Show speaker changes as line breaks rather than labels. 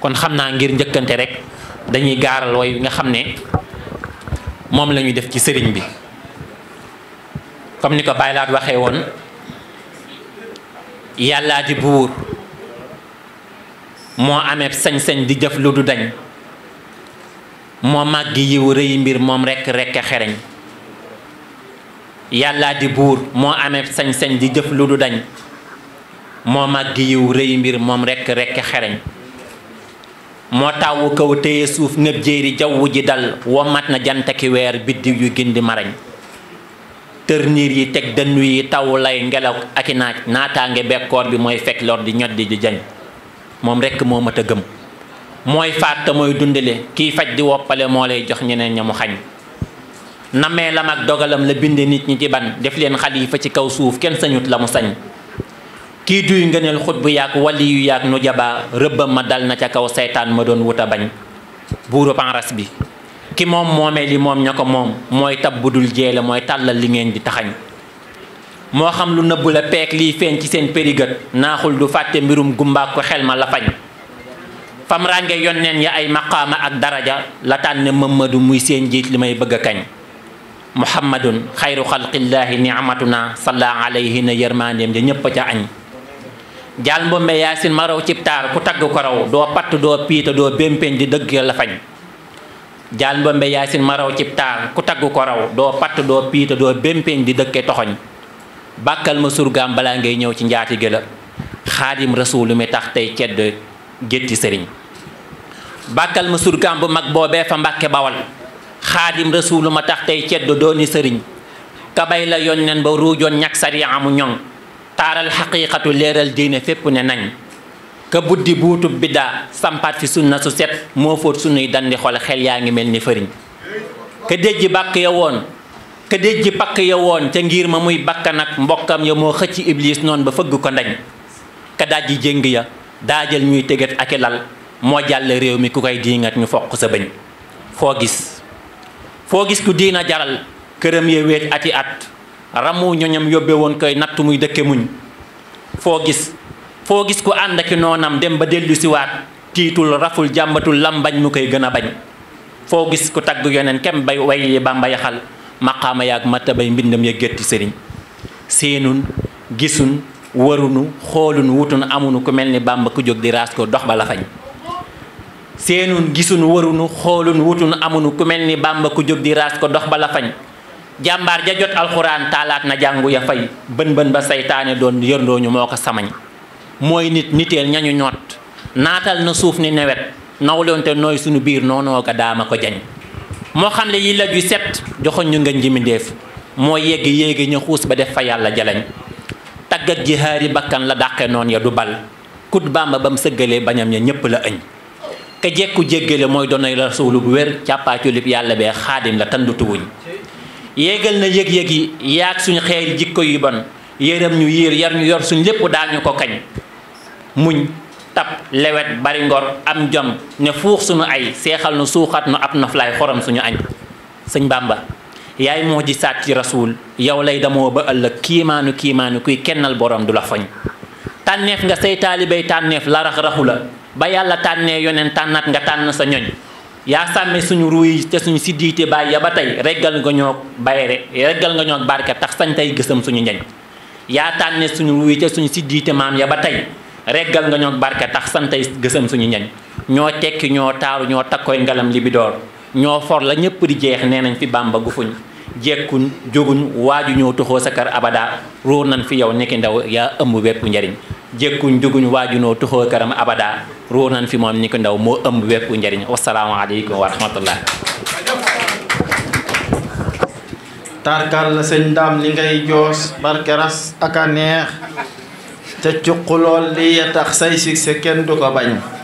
kon xam naa ngir njëkkante rek dañuy gaaral way nga xam ne moom la def ci sëriñ bi comme ni ko Baay Laat waxee woon yàllaa di buur moo amee sañ-sañ di jëf lu du dañ moo màgg yiw rëy mbir moom rekk rekk a xereñ buur moo amee sañ-sañ di jëf lu dañ moo màgg yiw rëy mbir moom rekk rekk a xereñ moo tàwwu kaw téye suuf ngëb jéeri jaww ji dal womat na jantaki weer biddiw yu gindi marañ tër niir yi teg dënnu yi taw lay ngelaw ak i naaj naataange bekkoor bi mooy fekk lor di ñoddi di jañ moom rekk moo mat a gëm mooy faat te mooy dundale kiy faj di woppale moo lay jox ñeneen ña mu xañ nameelam ak dogalam la bind nit ñi ci ban def leen xalifa ci kaw suuf kenn sañut la mu sañ kii duy ngëneel xut bu yaag wali yu yaag nu jabaa rëbbam ma dal na ca kaw seytaan ma doon wut bañ buuru panras bi ki moom moomee li moom ña ko moom mooy tab bu dul jeele mooy tàllal li ngeen di taxañ moo xam lu nëbbu la peek liy feeñ ci seen périgët naaxul du fàtte mbirum gumbaak ko xel ma la fañ fam rànge yonneen ya ay maqaama ak daraja la tànn Mamadu muy seen jiit li may bëgg a kañ muhammadun xayru xalqillaahi niamatuna salla alayhi na yërmandeem ja ñépp ca jaal mbombe yaasin ma raw cib taar ku tagg ko raw doo patt doo piita doo bémpeñ di dëgg la fañ jaal mbombe yaasin ma raw cib taar ku tagg ko raw doo patt doo piita doo bémpeñ di dëkke toxoñ bàkkal ma surgaam balaa ngay ñëw ci njaati gi la xaadim rasuulu mi tax tey cedd gétti sëriñ ma surgaam bu mag boobee fa mbàkke bawal xaadim ma tax tey cedd dooni sëriñ kabay la yoon nen ba ruujoon ñak sari amu ñoŋ taaral xaqiiqatu leeral diine fépp ne nañ ka buddi buutu biddaa sampaat fi sunna su set moo fóot sunuy dandi xol xel yaa ngi mel ni fariñ ka déjji bàkk ya woon ka déjji pakk ya woon ca ngir ma muy bakkan ak mbokkam ya moo xëcc iblis noonu ba fëgg ko ndañ ka dajji jéng ya daajal ñuy tëggat ak lal moo jàll réew mi ku koy diingat ñu foq sa bëñ foo gis foo gis ku diina jaral këram ya wéet ati at ramu ñoñam yóbbe woon koy natt muy dëkke muñ foo gis foo gis ku ànd aki noonam dem ba dellusiwaat siwaat tiitul raful jàmbatul lambañ mu koy gën a bañ foo gis ku tagg yoneen kem bay way yi bamba yaxal maqaama yaag matta bay mbindam ya gétti sëriñ seenun gisun warunu xoolun wutun amunu ku mel ni bamba ku jóg di raas ko dox ba la fañ seenun gisun warunu xoolun wutun amunu ku mel ni bamba ku jóg di raas ko dox ba la fañ jàmbaar ja jot alxuraan taalaat na jàngu ya fay bën bën ba seytaane doon yërndooñu moo ko samañ mooy nit niteel ñañu ñoot naatal na suuf ni newet nawloonte nooy sunu biir noonoo ko daama ko jañ moo xam ne yi la ju set joxoñ ñu nga njimindéef moo yegg yéegi ñu xuus ba def fa yàlla jalañ tàggat ji haari bakkan la dàqe noon ya du bal kut bàmba ba mu sëggalee bañam ya ñépp la ëñ ka jekku jéggale mooy doonay rasulu bu wér càppaaculib yàlla b xaadim la tandutuwuñ yéegal na yëg-yëg yi yaag suñu xeer jikko yi bon yërëm ñu yiir yar ñu yor suñu lépp daal ñu ko kañ muñ tab lewet bari ngor am jom ne fuux suñu ay seexal nu suuxat nu ab noflaay xorom suñu añ sëñ Bàmba yaay moo ji saat ci rasuul yow lay damoo ba ëllëg kiimaanu kiimaanu kuy kennal borom du la foñ tànneef nga say taalibey tànneef larax raxu la ba yàlla tànnee yoneen tànnaat nga tànn sa ñoñ yaa sàmme suñu ruuy ca suñu siddiite bàyyi ya ba tey reggal nga ñoo bayre reggal nga ñoo barke tax sañ tey gësam suñu njañ yaa tànne suñu ruuy ca suñu siddiite maam ya ba tey reggal nga ñoo barka tax sañ tey suñu njañ ñoo tekki ñoo taaru ñoo takkoy ngalam li bi door ñoo for la ñëpp di jeex nee nañ fi bàmba gufuñ jekkuñ jóguñ waaju ñoo toxoo sa kër abadaa ruur nañ fi yow nekki ndaw yaa ëmb bépp njariñ jekkuñ juguñ waajunoo tuxoo karam abada ruur nan fi moom ni ko ndaw moo ëmb wépp njëriñ wasalaamaaleykum wa rahmatullah tarkal la sëñ daam li ngay joos barke ras ak a neex ca cuqulool li ya tax say sa kenn du ko bañ